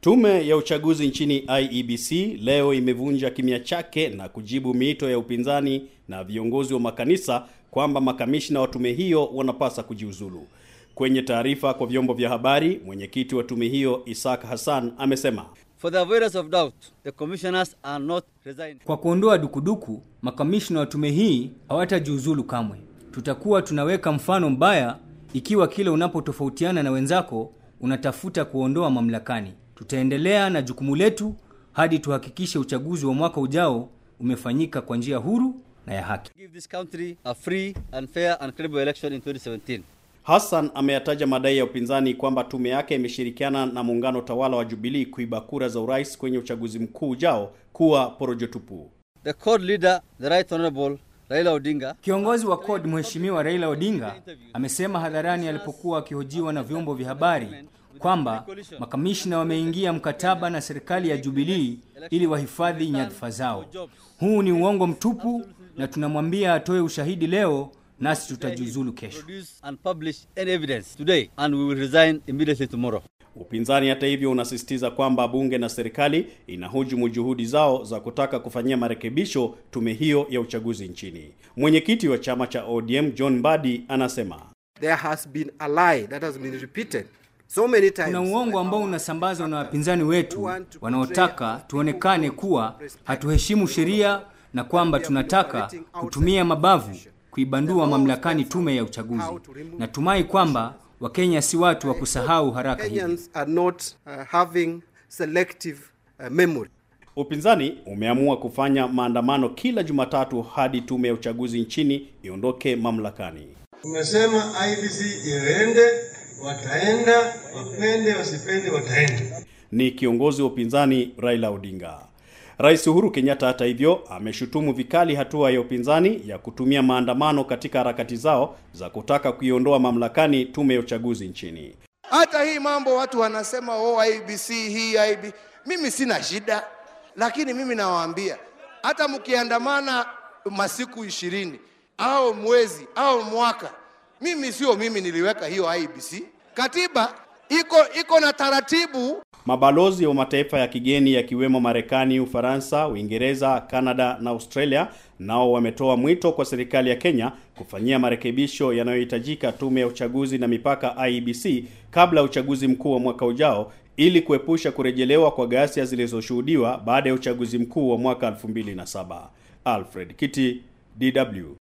Tume ya uchaguzi nchini IEBC leo imevunja kimya chake na kujibu miito ya upinzani na viongozi wa makanisa kwamba makamishna wa tume hiyo wanapasa kujiuzulu. Kwenye taarifa kwa vyombo vya habari, mwenyekiti wa tume hiyo Isaac Hassan amesema For the avoidance of doubt, the commissioners are not resigning. Kwa kuondoa dukuduku, makamishna wa tume hii hawatajiuzulu kamwe. Tutakuwa tunaweka mfano mbaya ikiwa kile unapotofautiana na wenzako unatafuta kuondoa mamlakani. Tutaendelea na jukumu letu hadi tuhakikishe uchaguzi wa mwaka ujao umefanyika kwa njia huru na ya haki. Give this country a free and fair and credible election in 2017. Hassan ameyataja madai ya upinzani kwamba tume yake imeshirikiana na muungano tawala wa Jubilee kuiba kura za urais kwenye uchaguzi mkuu ujao kuwa porojo tupu. The court leader, the right honorable Raila Odinga. Kiongozi wa CORD Mheshimiwa Raila Odinga amesema hadharani alipokuwa akihojiwa na vyombo vya habari kwamba makamishna wameingia mkataba na serikali ya Jubilii ili wahifadhi nyadhifa zao. Huu ni uongo mtupu, na tunamwambia atoe ushahidi leo nasi tutajiuzulu kesho. Upinzani hata hivyo unasisitiza kwamba bunge na serikali inahujumu juhudi zao za kutaka kufanyia marekebisho tume hiyo ya uchaguzi nchini. Mwenyekiti wa chama cha ODM John Mbadi anasema There has been a lie that has been repeated So many times, kuna uongo ambao unasambazwa na wapinzani wetu wanaotaka tuonekane kuwa hatuheshimu sheria na kwamba tunataka kutumia mabavu kuibandua mamlakani tume ya uchaguzi. Natumai kwamba Wakenya si watu wa kusahau haraka hivi. Uh, uh, Upinzani umeamua kufanya maandamano kila Jumatatu hadi tume ya uchaguzi nchini iondoke mamlakani. Tumesema IBC iende wataenda, wapende wasipende, wataenda. Ni kiongozi wa upinzani Raila Odinga. Rais Uhuru Kenyatta hata hivyo ameshutumu vikali hatua ya upinzani ya kutumia maandamano katika harakati zao za kutaka kuiondoa mamlakani tume ya uchaguzi nchini. Hata hii mambo watu wanasema oh, IBC hii IB, mimi sina shida, lakini mimi nawaambia hata mkiandamana masiku ishirini au mwezi au mwaka mimi sio mimi niliweka hiyo IBC. Katiba iko iko na taratibu. Mabalozi wa mataifa ya kigeni yakiwemo Marekani, Ufaransa, Uingereza, Kanada na Australia nao wametoa mwito kwa serikali ya Kenya kufanyia marekebisho yanayohitajika tume ya uchaguzi na mipaka IEBC kabla ya uchaguzi mkuu wa mwaka ujao ili kuepusha kurejelewa kwa ghasia zilizoshuhudiwa baada ya uchaguzi mkuu wa mwaka 2007. Alfred Kiti, DW.